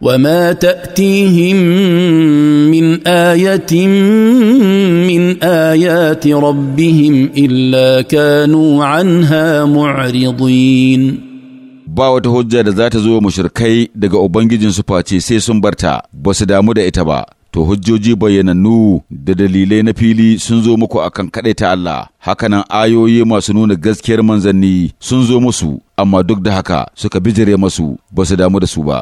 وما تاتيهم من ايه من ايات ربهم الا كانوا عنها معرضين ba wata hujja da za ta zo mushrikai daga Ubangijin su face sai sun barta ba su damu da ita ba to hujjoji bayyanannu da dalilai na fili sun zo muku akan kaɗai ta Allah hakanan ayoyi masu nuna gaskiyar manzanni sun zo musu amma duk da haka suka bijire masu ba su damu da su ba